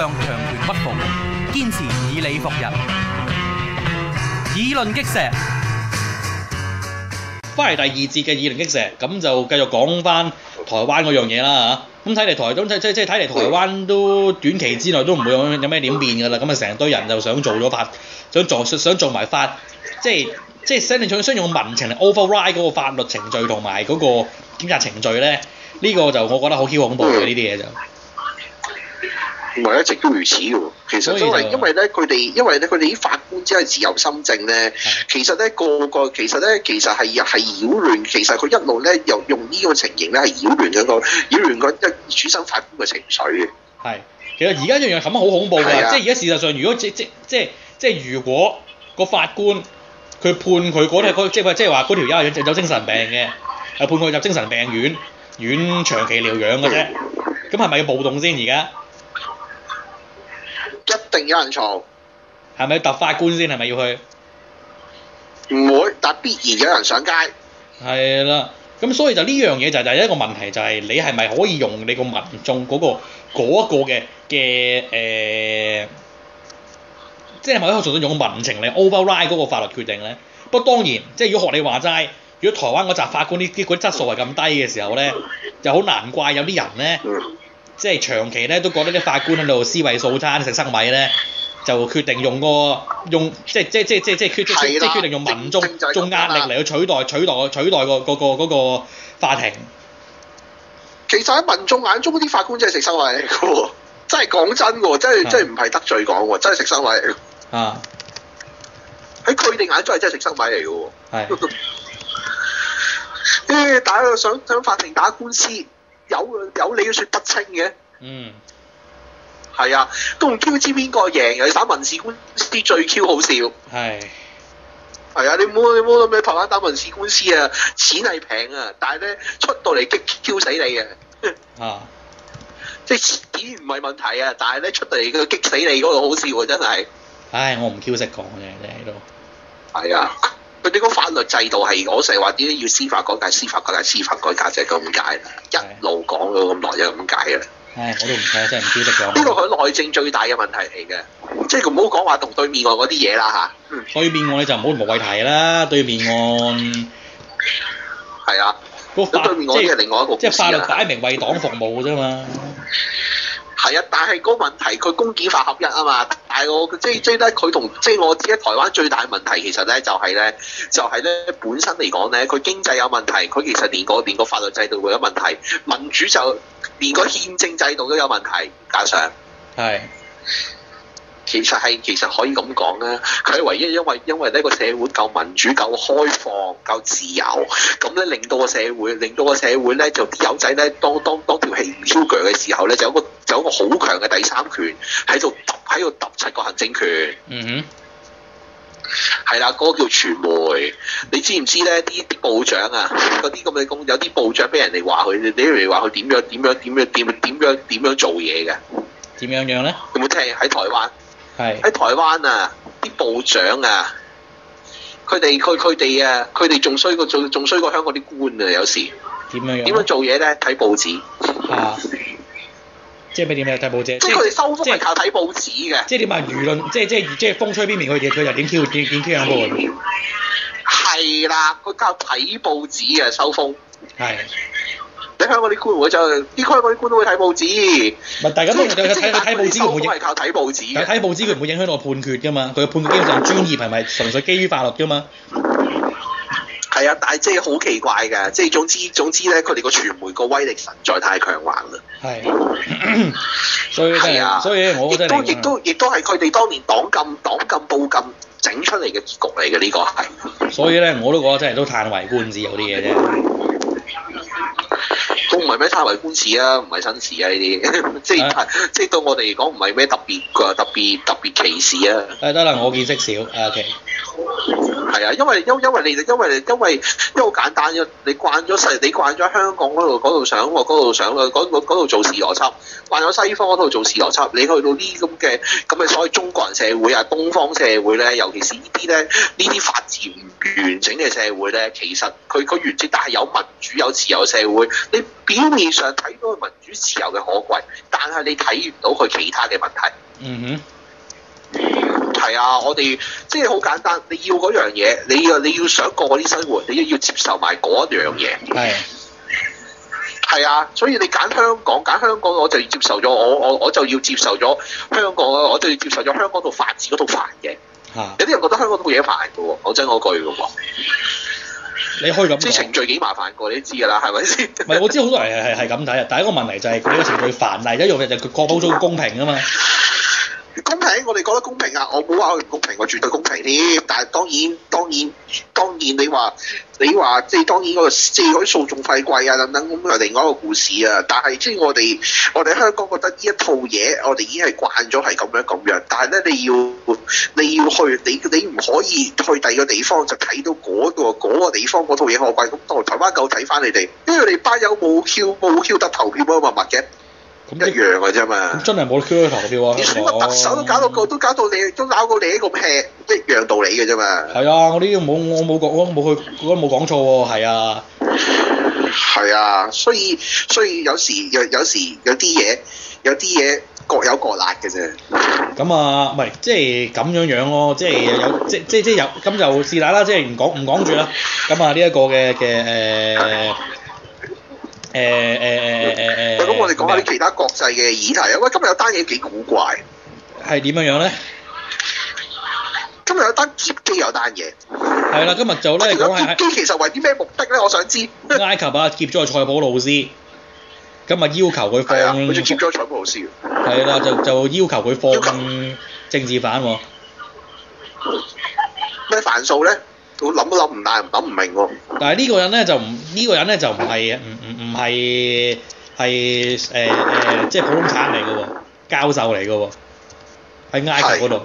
向強權屈服，堅持以理服人。議論擊石，翻嚟第二節嘅議論擊石，咁就繼續講翻台灣嗰樣嘢啦嚇。咁睇嚟，台東即即即係睇嚟，台灣都短期之內都唔會有咩點變㗎啦。咁啊，成堆人就想做咗法，想做想做埋法，即係即係想用民情嚟 override 個法律程序同埋嗰個檢察程序咧。呢個就我覺得好恐怖嘅呢啲嘢就。唔係一直都如此嘅喎，其實都係因為咧，佢哋因為咧，佢哋啲法官只係自由心證咧。係其實咧個個其實咧其實係係擾亂，其實佢一路咧又用呢個情形咧係擾亂咗個擾亂個即主審法官嘅情緒嘅。係其實而家樣樣咁好恐怖㗎，係即係而家事實上，如果即即即即如果個法官佢判佢嗰啲嗰即係即係話嗰條友有精神病嘅，係、啊、判佢入精神病院院長期療養嘅啫，咁係咪要暴動先而家？定有人嘈，係咪要答法官先？係咪要去？唔會，但必然有人上街。係啦，咁所以就呢樣嘢就就係一個問題，就係你係咪可以用你民眾、嗰個民眾嗰個嗰一個嘅嘅誒，即係咪可以做到用民情嚟 override 嗰個法律決定咧？不過當然，即係如果學你話齋，如果台灣嗰啲法官啲啲嗰啲質素係咁低嘅時候咧，就好難怪有啲人咧。嗯即係長期咧，都覺得啲法官喺度思維素餐，食生米咧，就決定用個用，即係即係即係即係即決定用民眾用壓力嚟去取代取代取代、嗰個個、嗰個法庭。其實喺民眾眼中啲法官真係食生米嚟嘅喎，真係講真喎，真係唔係得罪講喎，真係食生米嚟。啊！喺佢哋眼中係真係食生米嚟嘅喎。係、啊。啲 打個想上法庭打官司。有有理都説不清嘅，嗯，係啊，都唔 Q 知邊個贏，又要打民事官司最 Q 好笑，係，係啊，你唔好你唔好諗咩台灣打民事官司啊，錢係平啊，但係咧出到嚟激 Q 死你嘅，啊，啊，即係錢唔係問題啊，但係咧出到嚟佢激死你嗰個好笑啊，真係，唉，我唔 Q 識講嘅你喺度，係啊。佢哋個法律制度係我成日話啲要司法改革、司法改革、司法改革，即係咁解啦。一路講到咁耐，就咁解啦。係，我都唔睇真係唔記得咗。呢個佢內政最大嘅問題嚟嘅，即係佢唔好講話同對面案嗰啲嘢啦嚇。嗯，對面案就唔好無謂提啦。對面案係啊，個法律即係另外一個，即係法律擺明為黨服務㗎啫嘛。係啊，但係嗰問題佢公檢法合一啊嘛，但係我即係追追得佢同即係我知啊，台灣最大問題其實咧就係咧就係、是、咧本身嚟講咧，佢經濟有問題，佢其實連、嗰個連個法律制度都有問題，民主就連個憲政制度都有問題，加上係。其實係，其實可以咁講啦。佢係唯一因，因為因為咧個社會夠民主、夠開放、夠自由，咁咧令到個社會，令到個社會咧就啲友仔咧，當當當條氣唔 h 嘅時候咧，就有一個就有一個好強嘅第三權喺度揼喺度揼七個行政權。嗯哼，係啦，嗰個叫傳媒。你知唔知咧啲啲部長啊，嗰啲咁嘅工有啲部長俾人哋話佢，你例如話佢點樣點樣點樣點點樣點樣點樣點樣做嘢嘅？點樣樣咧？有冇聽喺台灣？係喺台灣啊，啲部長啊，佢哋佢佢哋啊，佢哋仲衰過，仲仲衰過香港啲官啊，有時點樣點樣做嘢咧？睇、啊、報紙 啊，即係咩點咧？睇報紙，即係佢哋收風係靠睇報紙嘅。即係點啊？輿論即係即係即係風吹邊面個嘢，佢又點挑點點挑人係啦，佢靠睇報紙啊，收風你香港啲官會就啲香港啲官都會睇報、報紙，唔係大家都睇睇睇報紙，唔係靠睇報紙。睇報紙佢唔會影響到個判決噶嘛，佢嘅判決基本上專業係咪 純粹基於法律噶嘛？係啊，但係即係好奇怪嘅，即係總之總之咧，佢哋個傳媒個威力實在太強橫啦。係， 所以係啊，所以我亦都亦都亦都係佢哋當年黨禁黨禁報禁整出嚟嘅結局嚟嘅呢個係。所以咧，我都覺得真係都歎為觀止有啲嘢啫。都唔係咩太為官事啊，唔係新事啊呢啲、 就是啊，即係即係對我哋嚟講唔係咩特別嘅，特別特別歧視啊。係得啦，我見識少。啊、okay、係啊，因為因因為你因為因為因為好簡單啊，你慣咗成，你慣咗香港嗰度嗰度想喎，嗰度上啊，嗰度做事邏輯，慣咗西方嗰度做事邏輯，你去到呢啲咁嘅，咁咪所謂中國人社會啊，東方社會咧，尤其是呢啲咧，呢啲法治完整嘅社會咧，其實佢佢完整，但係有民主有自由社會，你表面上睇到民主自由嘅可貴，但係你睇唔到佢其他嘅問題。嗯哼，係啊，我哋即係好簡單，你要嗰樣嘢，你要你要想過嗰啲生活，你要接受埋嗰一樣嘢。係、mm-hmm.，係啊，所以你揀香港，揀香港我就要接受咗，我我我就要接受咗香港啊，我就要接受咗香港度法治嗰套環境。啊、有啲人覺得香港都冇嘢煩嘅喎，講真嗰句嘅 你可以咁，即程序幾麻煩過，你都知㗎啦，係咪先？唔 係，我知好多係係係咁睇啊！第一個問題就係佢個程序煩，第二一樣嘢就係佢過保咗公平啊嘛。公平，我哋覺得公平啊！我冇話佢唔公平，我絕對公平啲。但係當然，當然，當然你，你話你話，即係當然個四海訴訟費貴啊，等等咁係另外一個故事啊。但係即係我哋，我哋香港覺得呢一套嘢，我哋已經係慣咗係咁樣咁樣。但係咧，你要你要去你你唔可以去第二個地方就睇到嗰個地方嗰套嘢我貴咁多。台灣夠睇翻你哋，因為你班友冇票冇票得投票啊嘛，麥嘅。咁一樣嘅啫嘛！咁真係冇 Q 去投票啊！啲選個特首都搞到個、嗯，都搞到你，都搞到你一個 p 一樣道理嘅啫嘛！係啊，我呢啲冇，我冇講，我冇去，冇講錯喎，係啊，係啊，啊，所以所以有時有有時有啲嘢有啲嘢各有各辣嘅啫。咁啊，唔係即係咁樣樣咯，即係有即即即有咁就試下啦，即係唔講唔講住啦。咁啊，呢一、就是、個嘅嘅誒。呃 誒誒誒誒誒，咁、嗯嗯嗯嗯嗯嗯、我哋講下啲其他國際嘅議題啊！喂，今日有單嘢幾古怪，係點樣樣咧？今日有單劫機有，有單嘢係啦。今日就咧講係劫機，其實為啲咩目的咧？我想知。埃及啊，劫咗個塞浦路斯，今日要求佢放，劫咗塞浦路斯。係啦，就就要求佢放政治犯喎。咩犯數咧？我諗都諗唔大，諗唔明喎、啊。但係呢個人咧就唔呢、呢個人咧就唔係唔係係誒誒，即係普通產嚟嘅喎，教授嚟嘅喎，喺埃及嗰度，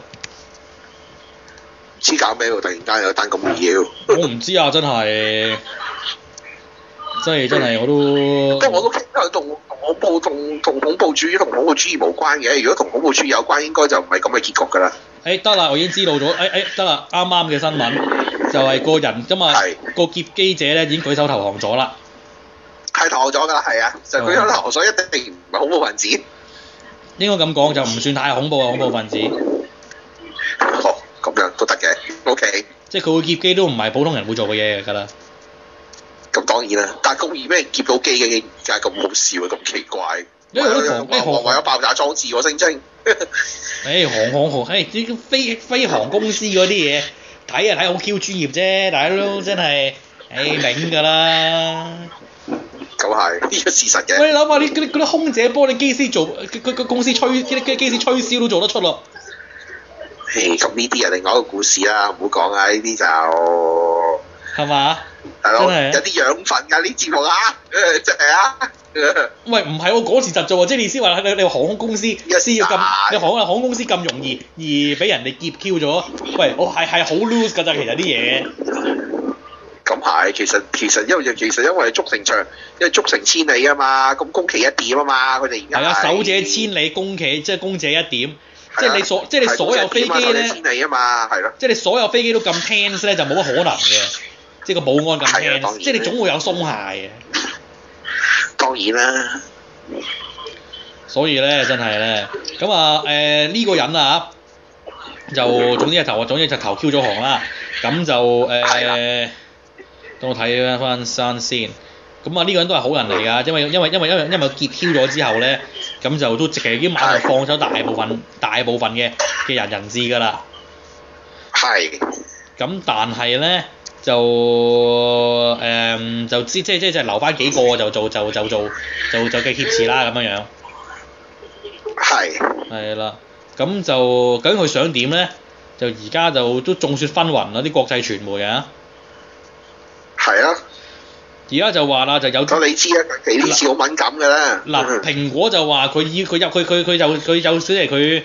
唔知搞咩喎！突然間有單咁嘅嘢，我唔知啊，真係，真係真係我都，即係我都，因為同恐怖同同恐怖主義同恐怖主義無關嘅，如果同恐怖主義有關，應該就唔係咁嘅結局㗎啦。誒得啦，我已經知道咗。誒誒得啦，啱啱嘅新聞就係個人今日，個劫機者咧已經舉手投降咗啦。太糖咗噶啦，係啊，就佢啲流水一定唔係恐怖分子，應該咁講就唔算太恐怖啊恐怖分子。咁、哦、樣都得嘅，OK。即係佢會劫機都唔係普通人會做嘅嘢㗎啦。咁當然啦、嗯，但係居然畀人劫到機嘅嘢，而家咁好笑啊，咁奇怪。因埃航埃航有爆炸裝置喎？聲稱。誒航航航誒啲飛飛航公司嗰啲嘢睇啊，睇好 Q 專業啫，大家都真係誒明㗎啦。咁係，呢個事實嘅。喂，你諗下，啲嗰啲啲空姐幫你機師做，佢佢公司吹，啲啲機師吹簫都做得出咯。咁呢啲啊，另外一個故事啦，唔好講啊，呢啲就係嘛，大佬有啲養分㗎呢節目啊，真係啊。喂，唔係我嗰時執做啊，即你意思話你你航空公司先要咁，你航航空公司咁容易而俾人哋劫 Q 咗。喂，我係係好 lose 㗎咋，其實啲嘢。咁係，其實其實因為其實因為築城牆，因為築成千里啊嘛，咁攻其一點啊嘛，佢哋而家係啊，守者千里，攻其即係攻者一點，即係你所即係你所有飛機咧，千里啊嘛，係咯，即係、即係、你所有飛機都咁 tense 咧，就冇乜可能嘅，即係個保安咁 tense，即係你總會有鬆懈嘅，當然啦。所以咧，真係咧，咁啊誒呢個人啊，就總之就投，總之就投 Q 咗行啦，咁就誒。等我睇翻翻山先。咁啊，呢個人都係好人嚟㗎，因為因為因為因為因為佢結標咗之後咧，咁就都積極已經馬上放走大部分大部分嘅嘅人人質㗎啦。係。咁但係咧就、嗯、就知即係即係即係留翻幾個就做就就做就就嘅挾持啦咁樣樣。係。係啦。咁就究竟佢想點咧？就而家就都眾說紛紜啦，啲、那個、國際傳媒啊。係啊，而家就話啦，就有咗你知啊，佢呢次好敏感嘅啦。嗱，蘋果就話佢要佢入去，佢佢就佢有即係佢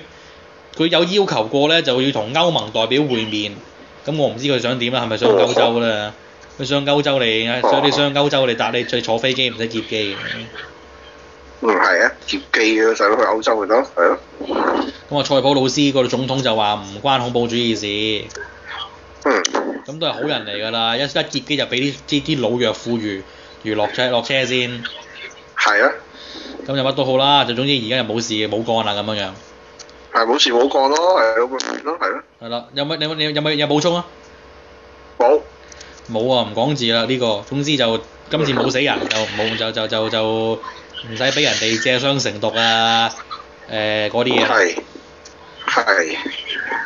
佢有要求過咧，就要同歐盟代表會面。咁我唔知佢想點啊，係咪上歐洲啦？佢、哦、上歐洲嚟所以上歐洲嚟、哦、搭你再坐飛機唔使劫機嘅、啊啊。嗯，係啊，劫機嘅大佬去歐洲咪得？係咯。咁啊，塞浦路斯嗰個總統就話唔關恐怖主義事。嗯咁都係好人嚟㗎啦，一一劫機就俾啲啲老弱婦孺，如落車落車先。係啊。咁就乜都好啦，就總之而家就冇事冇干啦咁樣樣。係冇事冇干咯，係咯，係咯。係啦，有乜你你有冇有補充啊？冇。冇啊，唔講字啦呢個，總之就今次冇死人，就冇就就就就唔使俾人哋借傷成毒啊，誒嗰啲嘢。係。係。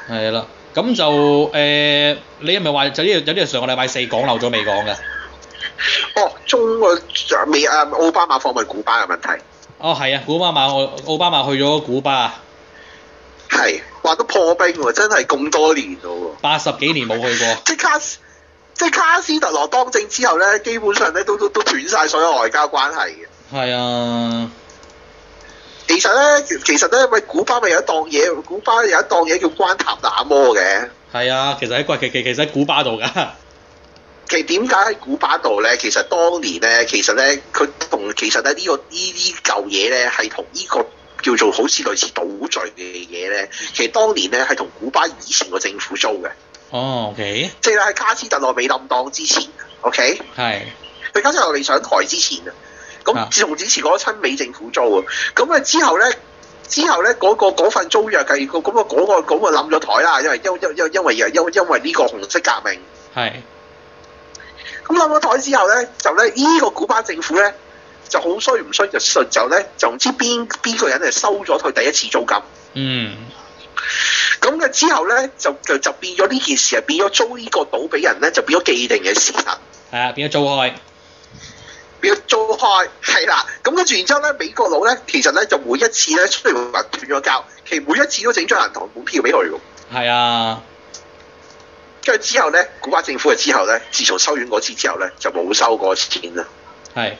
係啦。咁就誒、呃，你係咪話就啲有啲上個禮拜四講漏咗未講㗎？哦，中個未啊，奧巴馬訪問古巴嘅問題。哦，係啊，古巴馬奧巴馬去咗古巴。係，話都破冰喎，真係咁多年咯喎。八十幾年冇去過。即卡斯即卡斯特羅當政之後咧，基本上咧都都都斷曬所有外交關係嘅。係啊。其實咧，其實咧，喂，古巴咪有一檔嘢，古巴有一檔嘢叫關塔那摩嘅。係啊，其實喺關，其其其實喺古巴度㗎。其實點解喺古巴度咧？其實當年咧，其實咧，佢同其實咧呢、呢個、呢個、呢啲舊嘢咧，係同呢個叫做好似類似賭罪嘅嘢咧。其實當年咧係同古巴以前個政府租嘅。哦，OK。即係喺卡斯特羅未冧檔之前，OK。係。佢卡斯特羅未上台之前啊。咁自從之前嗰親美政府租啊，咁啊之後咧，之後咧嗰、嗰個、份租約計過，咁啊嗰個嗰個冧咗台啦，因為因因因因為因為因呢個紅色革命係。咁冧咗台之後咧，就咧呢、呢個古巴政府咧就好衰唔衰就衰就咧就唔知邊邊個人嚟收咗佢第一次租金。嗯。咁啊之後咧就就就變咗呢件事係變咗租呢個島俾人咧就變咗既定嘅事實。係啊，變咗租開要做開係啦，咁跟住然之後咧，美國佬咧其實咧就每一次咧雖然話斷咗交，其實每一次都整張銀行本票俾佢嘅。係啊，跟住之後咧，古巴政府嘅之後咧，自從收完嗰次之後咧，就冇收過錢啦。係。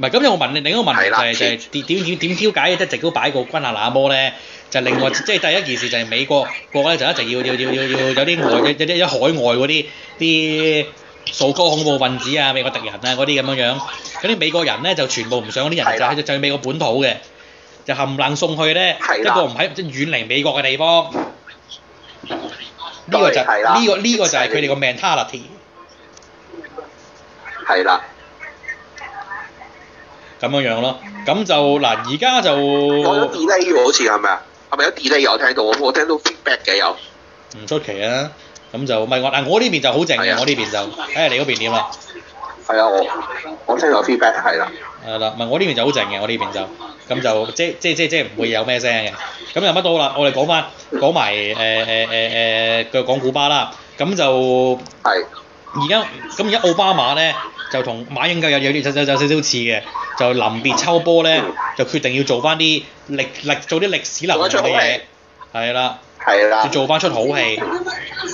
咁又我問你，另一個問題就係點點點點點解一直都擺個軍下那摩咧？就係、另外即係、就係、第一件事就係美國國咧就一直要要要要要有啲外嘅一啲海外嗰啲啲。數個恐怖分子啊，美國敵人啊，嗰啲咁樣樣，嗰啲美國人咧就全部唔想嗰啲人就喺度，就美國本土嘅，就冚唪唥送去咧，一個唔喺即係遠離美國嘅地方，呢、呢個就呢、呢個呢、呢個就係佢哋個 mentality 係啦，咁樣樣咯，咁就嗱而家就好似係咪啊？係咪有 delay 啊？我聽到我聽到我聽到 feedback 嘅有，唔出奇啊！咁就唔係我嗱，我呢、啊、邊就好靜嘅、啊，我呢邊就，睇、哎、下你嗰邊點啦。係啊，我我聽到 feedback 係啦。係、啊、啦，唔係我呢邊就好靜嘅，我呢邊就咁就即即即即唔會有咩聲嘅。咁又乜到啦？我哋講翻講埋誒誒誒誒，講、呃呃呃呃、古巴啦。咁就係而家咁而家奧巴馬咧，就同馬英九有有有有少少似嘅，就臨別秋波咧，就決定要做翻啲歷歷做啲歷史留嘅嘢。做一出好戲。係啦。要、啊、做翻出好戲。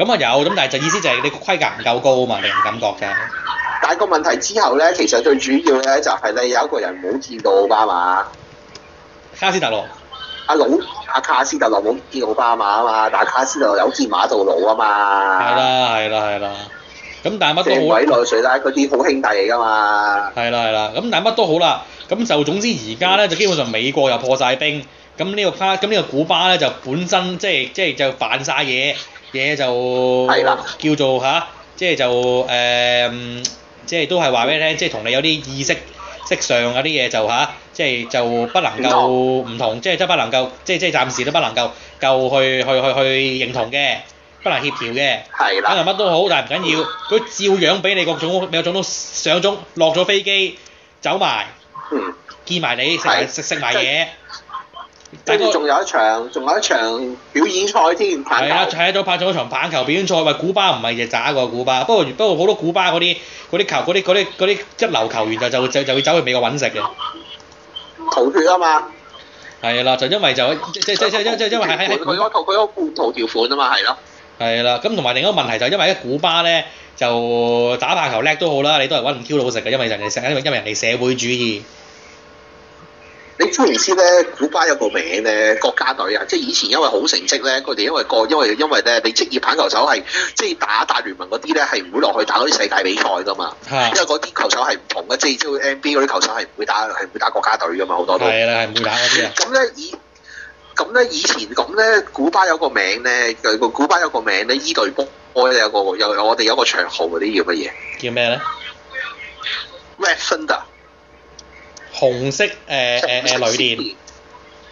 咁啊有，咁但係就意思就係你個規格唔夠高啊嘛，你唔感覺啫？但係個問題之後咧，其實最主要咧就係你有一個人冇見到奧巴馬，卡斯特洛。阿老阿卡斯特洛冇見到奧巴馬啊嘛，但卡斯特洛有見馬杜羅啊嘛。係啦係啦係啦。咁但係乜都好，位來水啦，啲好兄弟嚟噶嘛。係啦係啦，咁但係乜都好啦，咁就總之而家咧就基本上美國又破晒冰，咁呢個卡咁呢個古巴咧就本身即係即係就犯晒嘢。就是就嘢就叫做吓，即、啊、係就誒、是，即、嗯、係、就是、都係話俾你聽，即係同你有啲意識、識上嗰啲嘢就吓，即、啊、係、就是、就不能夠唔同，即、就、係、是、都不能夠，即係即係暫時都不能夠夠去去去去認同嘅，不能協調嘅，可能乜都好，但係唔緊要，佢照樣俾你個鐘，俾個鐘上中落咗飛機走埋，見埋你食食食埋嘢。仲有一場，仲、那個、有一場表演賽添，棒球。係啊，係拍咗一場棒球表演賽。喂，古巴唔係隻渣個古巴，不過不過好多古巴嗰啲啲球啲啲啲一流球員就就就就會走去美國揾食嘅。逃脫啊嘛！係啊啦，就因為就即即即即即因為喺喺佢嗰套佢嗰個固投條款啊、就是、嘛，係咯。係啦，咁同埋另一個問題就係因為喺古巴咧，就打棒球叻都好啦，你都係揾唔 Q 到食嘅，因為人哋社因為因為人哋社會主義。你知唔知咧古巴有個名咧國家隊啊，即係以前因為好成績咧，佢哋因為個因為因為咧，你職業棒球手係即係打大聯盟嗰啲咧，係唔會落去打嗰啲世界比賽噶嘛。因為嗰啲球手係唔同嘅，即係即 NBA 嗰啲球手係唔會打係唔會打國家隊噶嘛，好多都係啦係唔打嗰啲。咁咧以咁咧以前咁咧古巴有個名咧，個古巴有個名咧，依隊波有個有我哋有個長號嗰啲叫乜嘢？叫咩咧 m a r e n d a 紅色誒誒誒雷電，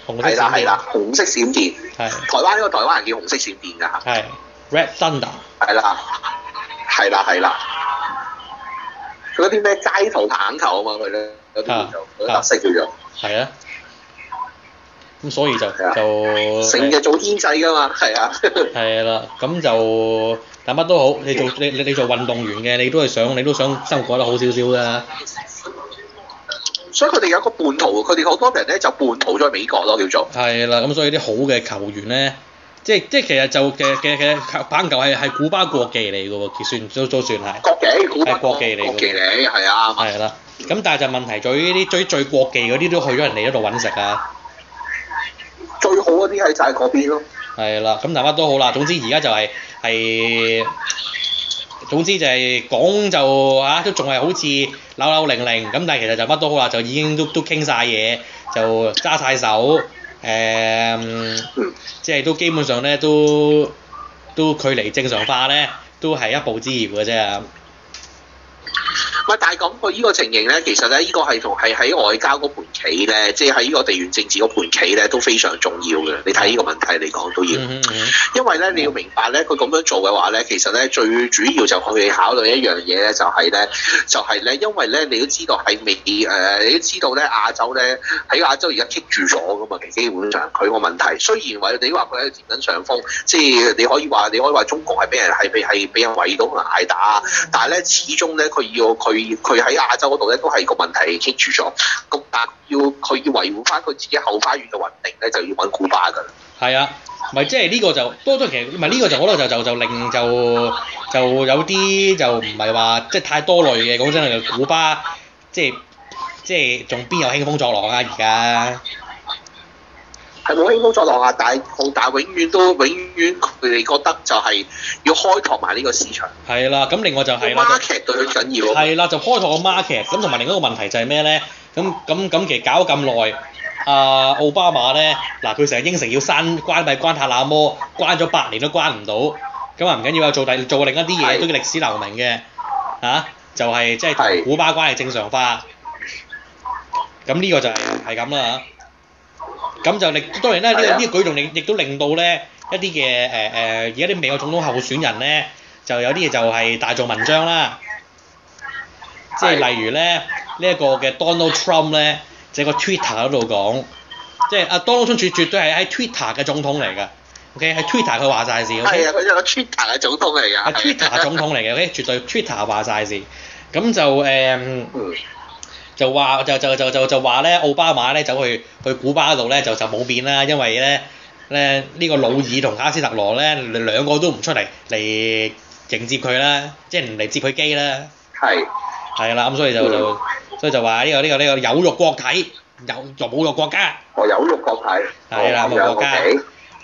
係啦係啦，紅色閃電，係台灣呢個台灣人叫紅色閃電㗎嚇，係。Red Thunder。係啦，係啦係啦。嗰啲咩街頭棒球啊嘛，佢咧有啲有特色叫做。係啊。咁所以就就， 就。成日做天際㗎嘛，係啊。係啦，咁就但乜都好，你做你你你做運動員嘅，你都係想你都想生活過得好少少㗎。所以佢哋有一個半途，佢哋好多人呢就半途咗喺美國咯，叫做。係啦，咁所以啲好嘅球員呢，即即其實就嘅嘅嘅棒球係係古巴國技嚟噶喎，算都都算係。國技古巴國技嚟。係國技嚟。嘅，國技嚟，係啊。係啦，咁但係就是問題在於啲最最最國技嗰啲都去咗人哋嗰度搵食啊。最好嗰啲係就係嗰邊咯。係啦，咁大家都好啦。總之而家就係、係、係。係總之就係、是、講就嚇、啊，都仲係好似扭扭擰擰咁，但係其實就乜都好啦，就已經都都傾晒嘢，就揸晒手，誒、嗯，即、就、係、是、都基本上咧，都都距離正常化咧，都係一步之遙嘅啫。但係講個呢個情形咧，其實咧呢、呢個係同係喺外交嗰盤棋咧，即係喺呢個地緣政治嗰盤棋咧都非常重要嘅。你睇呢個問題嚟講都要，因為咧你要明白咧，佢咁樣做嘅話咧，其實咧最主要就可以考慮一樣嘢咧，就係、是、咧就係、是、咧，因為咧你都知道喺未，誒、呃，你都知道咧亞洲咧喺亞洲而家 keep 住咗㗎嘛，其基本上佢個問題，雖然話你話佢喺度佔緊上風，即、就、係、是、你可以話你可以話中國係俾人係俾係俾人圍到同埋挨打，但係咧始終咧佢要佢。佢喺亞洲嗰度咧都係個問題 keep 住咗，咁但要佢要維護翻佢自己後花園嘅穩定咧，就要揾古巴㗎喇。係啊，咪即係呢個就多咗，其實咪呢個就好多得就就就令就就有啲就唔係話即係太多類嘅，講真啊，古巴即係即係仲邊有興風作浪啊而家？係冇輕功作落下，但係但係永遠都永遠佢哋覺得就係要開拓埋呢個市場。係啦，咁另外就係 market 對佢緊要。係啦，就開拓個 market。咁同埋另一個問題就係咩咧？咁咁咁，其實搞咗咁耐，阿、呃、奧巴馬咧，嗱佢成日應承要刪關閉關下那麼關咗八年都關唔到，咁啊唔緊要啊，做第做另一啲嘢都叫歷史留名嘅嚇，就係即係同古巴關係正常化。咁呢個就係係咁啦咁就令當然咧，呢個呢個舉動亦亦都令到咧一啲嘅誒誒，而家啲美國總統候選人咧，就有啲嘢就係大做文章啦。即係例如咧，呢一個嘅 Donald Trump 咧，就喺個 Twitter 嗰度講，即係阿 Donald Trump 絕對係喺 Twitter 嘅總統嚟㗎，OK？喺 Twitter 佢話曬事，OK？係啊，佢係個 Twitter 嘅總統嚟㗎。阿 Twitter 總統嚟嘅，OK？絕對 Twitter 話曬事，咁就誒。就話就就就就就話咧，奧巴馬咧走去去古巴度咧就就冇變啦，因為咧咧呢個勞爾同卡斯特羅咧兩個都唔出嚟嚟迎接佢啦，即係唔嚟接佢機啦。係係啦，咁所以就就、嗯、所以就話呢個呢個呢個有辱國體，有就有辱國家。我有辱國體。係啦，有辱國家。係、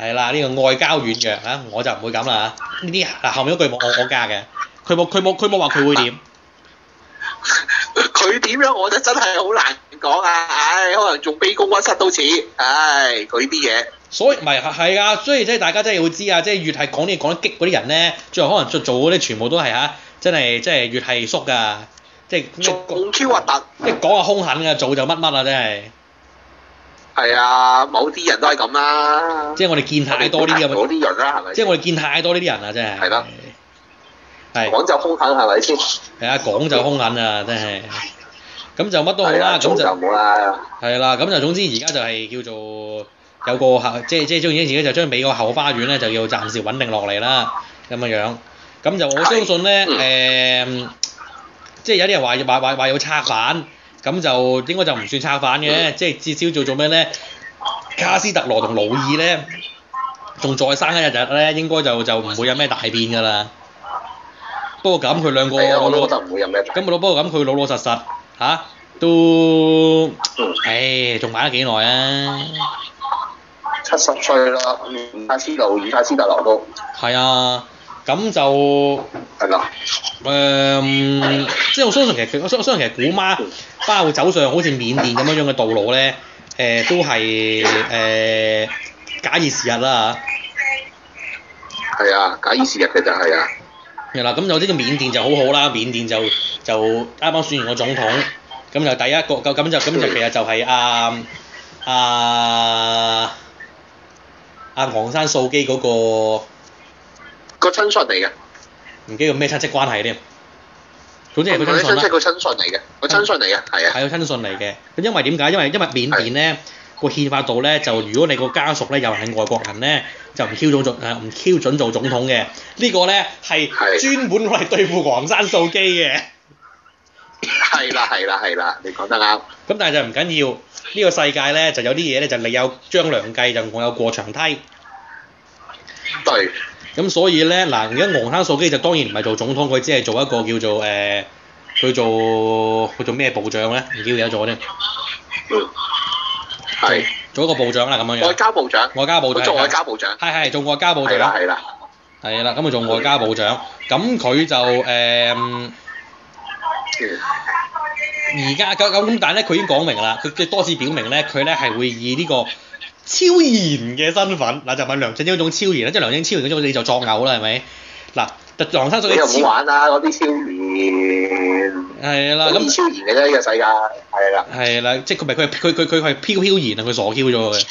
okay? 啦，呢個外交軟弱啊，我就唔會咁啦呢啲。嗱後面嗰句我我加嘅，佢冇佢冇佢冇話佢會點。 佢點樣我覺得真係好難講啊！唉、哎，可能仲卑躬屈膝都似，唉、哎，佢啲嘢。所以唔係係啊，所以即係大家真係要知啊，即係越係講啲嘢講得激嗰啲人咧，最後可能做做嗰啲全部都係嚇，真係即係越係縮㗎，即係講超核突，即係講下兇狠㗎，做就乜乜啦，真係。係啊，某啲人都係咁啦。即係我哋見太多呢啲咁。某啲人啦、啊，係咪？即係我哋見太多呢啲人啦，真係。係啦。係講就兇狠係咪先？係啊，講就兇狠啊，真係。咁就乜都好啦，咁就冇啦。係啦，咁就總之而家就係叫做有個後，即係即係將已經而家就是就是、將美國後花園咧，就要暫時穩定落嚟啦，咁嘅樣。咁就我相信咧，誒，即、呃、係、就是、有啲人話話話話要策反，咁就應該就唔算策反嘅、嗯，即係至少做做咩咧？卡斯特羅同勞爾咧，仲在生一日日咧，應該就就唔會有咩大變㗎啦。不過咁佢兩個，咁咪咯。我不，不過咁佢老老實實嚇、啊，都，唉、嗯，仲買得幾耐啊？七十歲咯，亞斯路與亞斯達羅高。係啊，咁就係啦。誒，嗯，呃、即係我相信其實，我相相信其實古巴包括走上好似緬甸咁樣樣嘅道路咧，誒、呃、都係誒、呃，假以時日啦嚇。係啊，假以時日嘅就係啊。係啦，咁有啲嘅緬甸就好好啦，緬甸就就啱啱選完個總統，咁就第一個咁就咁就，就其實就係阿阿阿昂山素姬嗰個個親信嚟嘅，唔記得咩親戚關係添，總之係佢親信啦、啊。親戚個親信嚟嘅，個親信嚟嘅，係啊，係個親信嚟嘅。咁因為點解？因為，為因為緬甸咧。個憲法度咧，就如果你個家屬咧又係外國人咧，就唔 Q 到做誒唔 Q 準做總統嘅。呢個咧係專門攞嚟對付昂山素姬嘅。係啦係啦係啦，你講得啱。咁但係就唔緊要，呢個世界咧就有啲嘢咧就你有張良計，就我有過牆梯。對。咁所以咧嗱，而家昂山素姬就當然唔係做總統，佢只係做一個叫做誒，佢做佢做咩部長咧？你記唔記得咗先？做，做一個部長啦，咁樣樣。外交部長。外交部長。做外交部長。係係，做外交部長。係啦係啦。係啦，咁啊做外交部長，咁佢就誒，而家咁咁，但係咧，佢已經講明啦，佢即係多次表明咧，佢咧係會以呢個超然嘅身份，嗱、呃、就問梁振英嗰種超然啦，即、就、係、是、梁振英超然嗰種，你就作嘔啦，係咪？嗱、呃，特梁生，所以你唔好玩啦，嗰啲超然。係啦，咁超然嘅啫呢、這個世界，係啦，係啦，即係佢咪係佢佢佢佢係飄飄然啊！佢傻飄咗嘅，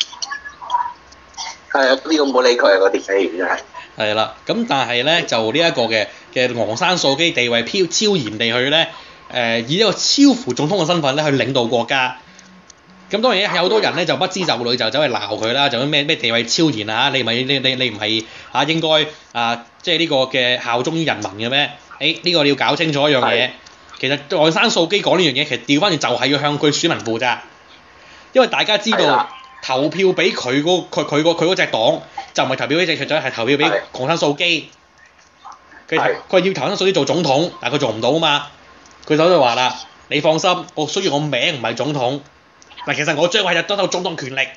係 啊，呢、這個唔好理佢啊！個電視員就係，係啦，咁但係咧就呢一個嘅嘅昂山素基地位飄超然地去咧，誒、呃、以一個超乎總統嘅身份咧去領導國家，咁當然有好多人咧就不知就裏就走去鬧佢啦，就咩咩地位超然啊，你唔係你你你唔係嚇，應該啊，即係呢個嘅效忠於人民嘅咩？誒、哎、呢、這個你要搞清楚一樣嘢。其實昂山素姬講呢樣嘢，其實調翻就係要向佢選民負責，因為大家知道的投票俾佢佢佢佢嗰隻黨就唔係投票俾隻雀仔，係投票俾昂山素姬。佢佢要昂山素姬做總統，但係佢做唔到啊嘛。佢首度話啦，你放心，我雖然我名唔係總統，但其實我將會係得到總統權力。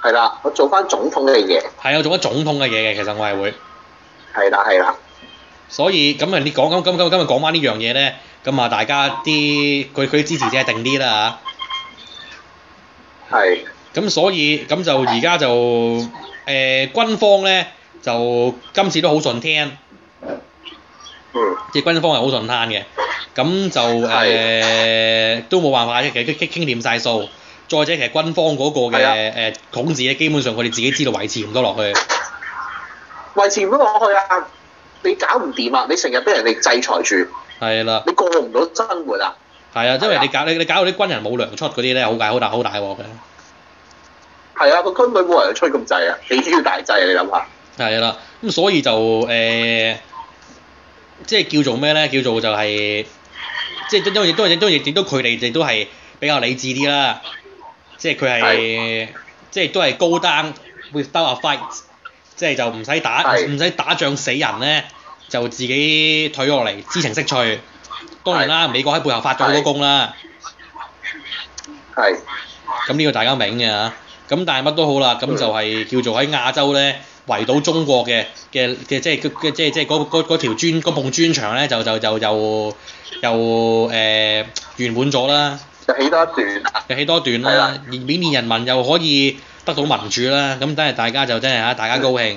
係啦，我做翻總統嘅嘢。係啊，我做咗總統嘅嘢嘅，其實我係會。係啦，係啦。所以咁啊，你講咁咁咁今日講翻呢樣嘢咧，咁啊大家啲佢佢支持者定啲啦嚇。係。咁所以咁就而家就誒、呃、軍方咧，就今次都好順聽。嗯。即軍方係好順聽嘅，咁就誒、呃、都冇辦法啫。其實傾傾掂晒數，再者其實軍方嗰個嘅誒、呃、統治咧，基本上佢哋自己知道維持唔到落去。維持唔到落去啊！你搞唔掂啊！你成日俾人哋制裁住，係啦，你過唔到生活啊！係啊，因為你搞你你搞到啲軍人冇糧出嗰啲咧，好大好大好大鑊嘅。係啊，個軍隊冇人又吹咁滯啊！你知要大滯啊！你諗下。係啦，咁所以就誒，即、呃、係、即係、叫做咩咧？叫做就係、係，即係亦都亦都亦都亦都佢哋亦都係比較理智啲啦。即係佢係，即係、即係、都係 go down without a fight，即係就唔使打唔使打仗死人咧。就自己退落嚟，知情識趣。當然啦，美國喺背後發咗好多功啦。係。咁呢個大家明嘅嚇。咁但係乜都好啦，咁就係叫做喺亞洲咧圍堵中國嘅嘅嘅，即係即係即係嗰嗰嗰條磚嗰埲磚牆咧，就是、就就就就誒圓滿咗啦。就起多一段。就起多段啦，緬甸人民又可以得到民主啦。咁等係大家就真係嚇，大家高興。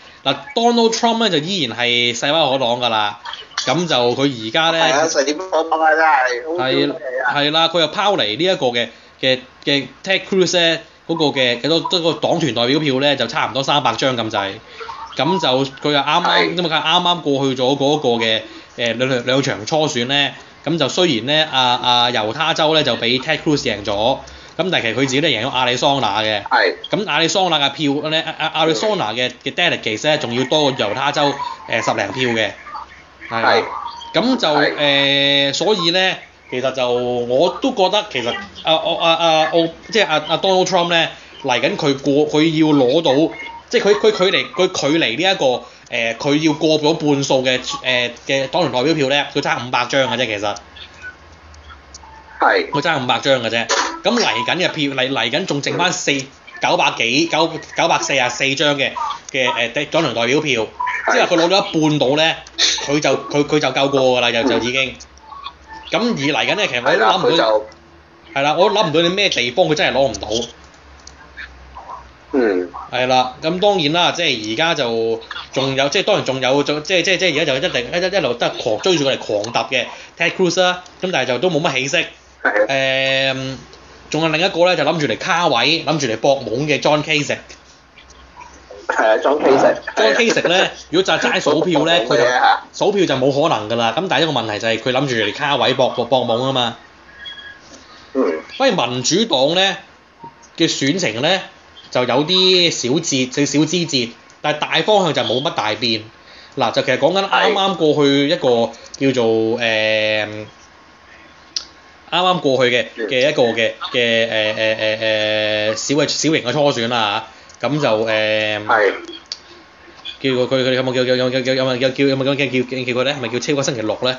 嗱，Donald Trump 咧就依然係勢不可擋㗎啦，咁就佢而家咧係啊，啦， 佢又拋嚟呢一個嘅嘅嘅 Ted Cruz 咧嗰個嘅幾多得個黨團代表票咧就差唔多三百張咁滯，咁就佢又啱啱咁啊，啱 啱過去咗嗰個嘅誒兩兩 兩場初選咧，咁就雖然咧阿阿猶他州咧就俾 Ted Cruz 贏咗。咁但係其實佢自己都贏咗亞利桑那嘅，咁亞利桑那嘅票咧，亞亞利桑那嘅嘅 delegate 咧仲要多過猶他州誒十零票嘅，係，咁就誒、呃，所以咧，其實就我都覺得其實阿阿阿奧即係阿阿 Donald Trump 咧嚟緊佢過佢要攞到，即係佢佢距離佢距離呢、這、一個誒佢、呃、要過咗半數嘅誒嘅當選代表票咧，佢差五百張嘅啫其實。係，我爭五百張㗎啫。咁嚟緊嘅票嚟嚟緊仲剩返四九百幾九九百四啊四張嘅嘅誒黨團代表票，即係佢攞咗一半到咧，佢就佢佢就夠過㗎啦，就、嗯、就已經。咁而嚟緊咧，其實我都諗唔到，係啦，我諗唔到你咩地方佢真係攞唔到。嗯，係啦，咁當然啦，即係而家就仲有，即係當然仲有，即係即係即係而家就一定一一一路都係狂追住佢嚟狂揼嘅 Ted Cruz 啦，咁但係就都冇乜起色。仲、嗯、有另一個咧，就諗住嚟卡位，諗住嚟博懵嘅 John Kasich。j o h n k a s i c John k a s i c 咧， 如果就齋數票咧，佢 他就 數票就冇可能㗎啦。咁但係一個問題就係佢諗住嚟卡位博博懵啊嘛。嗯。反而民主黨咧嘅選情咧就有啲小折，少小之折，但係大方向就冇乜大變。嗱、啊，就其實講緊啱啱過去一個叫做啱啱過去嘅嘅一個嘅嘅誒誒誒誒小嘅小型嘅初選啦嚇，咁就誒叫個佢佢有冇叫叫有有有有有叫有冇叫叫叫佢咧？係咪叫超過星期六咧？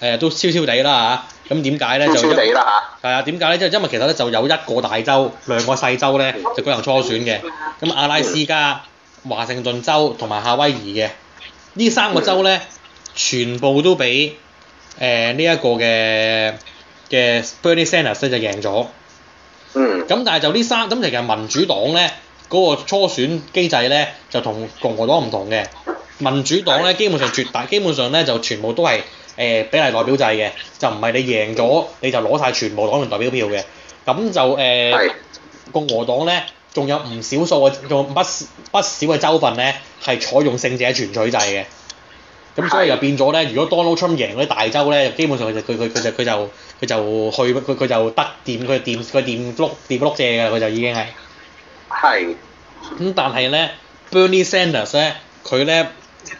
誒都超超哋啦嚇，咁點解咧？就係啊，點解咧？即係因為其實咧就有一個大州、兩個細州咧就舉行初選嘅，咁阿拉斯加、華盛頓州同埋夏威夷嘅呢三個州咧，全部都俾誒呢一個嘅。嘅 Bernie Sanders 就贏咗，咁但係就呢三咁其實民主黨咧嗰、那個初選機制咧就同共和黨唔同嘅，民主黨咧基本上絕大基本上咧就全部都係誒、呃、比例代表制嘅，就唔係你贏咗你就攞晒全部黨員代表票嘅，咁就誒、呃，共和黨咧仲有唔少數嘅仲不不少嘅州份咧係採用勝者全取制嘅，咁所以就變咗咧，如果 Donald Trump 贏嗰啲大州咧，基本上佢就佢佢佢就佢就。佢就去，佢佢就得掂，佢掂佢掂碌，掂碌借㗎，佢就已經係。係。咁但係咧，Bernie Sanders 咧，佢咧，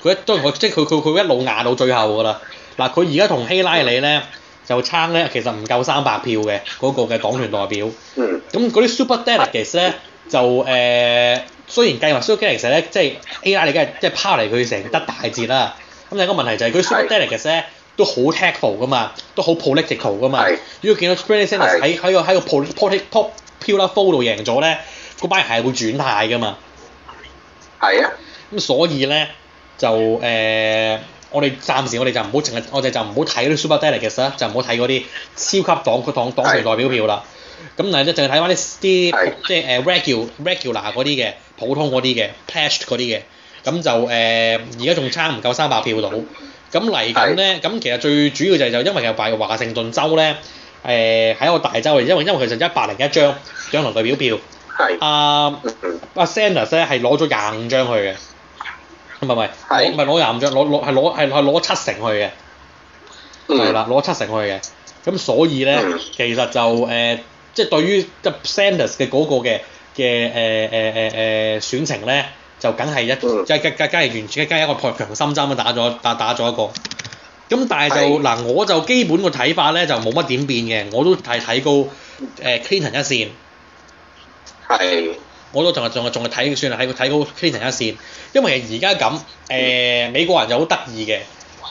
佢一當然我即係佢佢佢一路壓到最後㗎啦。嗱，佢而家同希拉里咧就撐咧，其實唔夠三百票嘅嗰個嘅黨團代表。咁嗰啲 super delegates 咧就誒、呃，雖然計埋 super delegates 咧，即係希拉里梗係即係拋嚟佢成得大捷啦。咁有個問題就係佢 super delegates 咧。都好 tactful 噶嘛，都好 political 噶嘛。如果見到 Sanders 喺喺喺個 po popular top 票拉 fold 度贏咗咧，嗰班人係會轉態噶嘛。係啊。咁所以咧就誒、呃，我哋暫時我哋就唔好淨係我哋就唔好睇嗰啲 super delegates 啦，就唔好睇嗰啲超級黨黨個黨黨團代表票啦。咁嗱，咧淨係睇翻啲啲即係誒 regular regular 嗰啲嘅普通嗰啲嘅 pledged 嗰啲嘅，咁就誒而家仲差唔夠三百票到。咁嚟緊咧，咁其實最主要就係就因為有拜華盛頓州咧，喺、呃、個大州嘅因為因為其實一百零一張張代表票，係 啊 Sanders 咧係攞咗廿五張去嘅，唔係唔係，係唔攞廿五張攞攞係攞係攞七成去嘅，係 啦，攞七成去嘅，咁所以咧其實就即係、呃就是、對於 Sanders 嘅嗰個嘅嘅誒誒誒誒選情咧。就梗係一，即係加加加，係完全加加一個破強心針啊！打咗打打咗一個，咁但係就嗱，我就基本個睇法咧就冇乜點變嘅，我都係睇高 Clinton、呃、一線。係。我都仲係仲係仲係睇算係睇睇高 Clinton 一線，因為而家咁誒美國人就好得意嘅，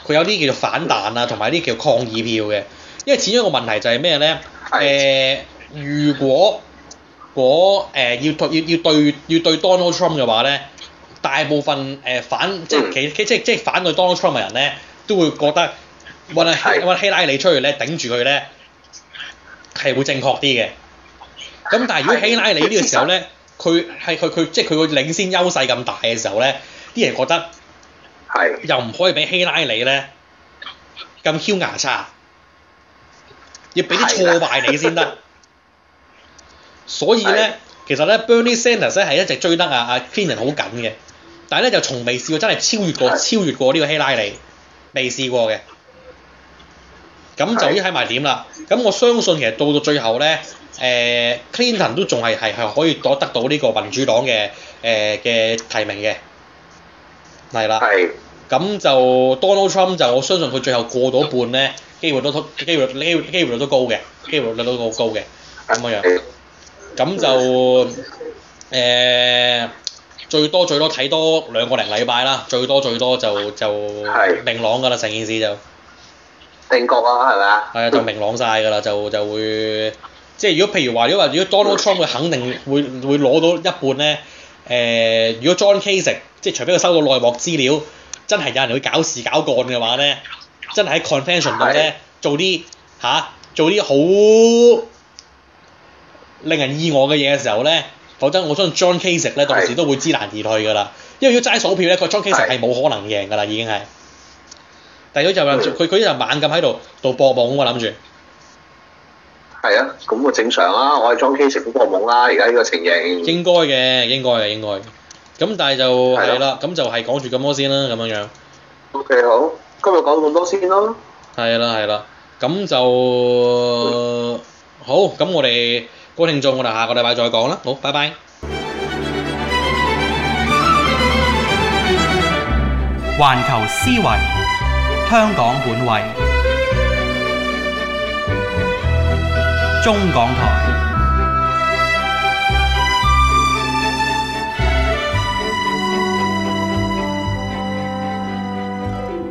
佢有啲叫做反彈啊，同埋啲叫抗議票嘅，因為始終個問題就係咩咧？誒、呃、如果果誒、呃、要，要，要對要要對要對 Donald Trump 嘅話咧？大部分誒、呃、反即係其其即係即係反對 Donald Trump 嘅人咧，都會覺得揾揾希拉里出去咧，頂住佢咧係會正確啲嘅。咁但係如果希拉里呢個時候咧，佢係佢佢即係佢個領先優勢咁大嘅時候咧，啲人覺得又唔可以俾希拉里咧咁囂牙叉，要俾啲挫敗你先得。 所以咧，其實咧，Bernie Sanders 係一直追得阿阿 Clinton 好緊嘅。但係咧就從未試過真係超越過超越過呢個希拉里，未試過嘅。咁就要喺埋點啦。咁我相信其實到到最後咧，誒、呃、Clinton 都仲係係係可以得得到呢個民主黨嘅誒嘅提名嘅。係啦。係。咁就 Donald Trump 就我相信佢最後過到半咧，機會都都機會率機會率都高嘅，機會率都好高嘅。咁樣。咁就誒。呃最多最多睇多兩個零禮拜啦，最多最多就就明朗㗎啦，成件事就定局啦，係咪啊？係啊，就明朗晒㗎啦，就就，就會即係如果譬如話，如果話如果 Donald Trump 佢肯定會攞到一半咧、呃，如果 John Kasich 即係除非佢收到內幕資料，真係有人去搞事搞幹嘅話咧，真係喺 convention 度咧做啲吓，做啲好、啊、令人意外嘅嘢嘅時候咧。否則我，我相信 John Kasich 咧，當時都會知難而退㗎啦。的因為要果齋數票咧，個 John Kasich 係冇可能贏㗎啦，已經係。但係如就有佢一有眼咁喺度，度播夢我諗住。係啊，咁啊正常啦，我係 John Kasich 好博夢而家呢個情形應的。應該嘅，應該嘅，應該。咁但係就係啦、啊，咁就係講住咁多先啦，咁樣樣。O K 好，今日講咁多先咯、啊。係啦係啦，咁就好，咁我哋。各位聽眾，我哋下個禮拜再講啦。好，拜拜。環球思維，香港本位，中港台。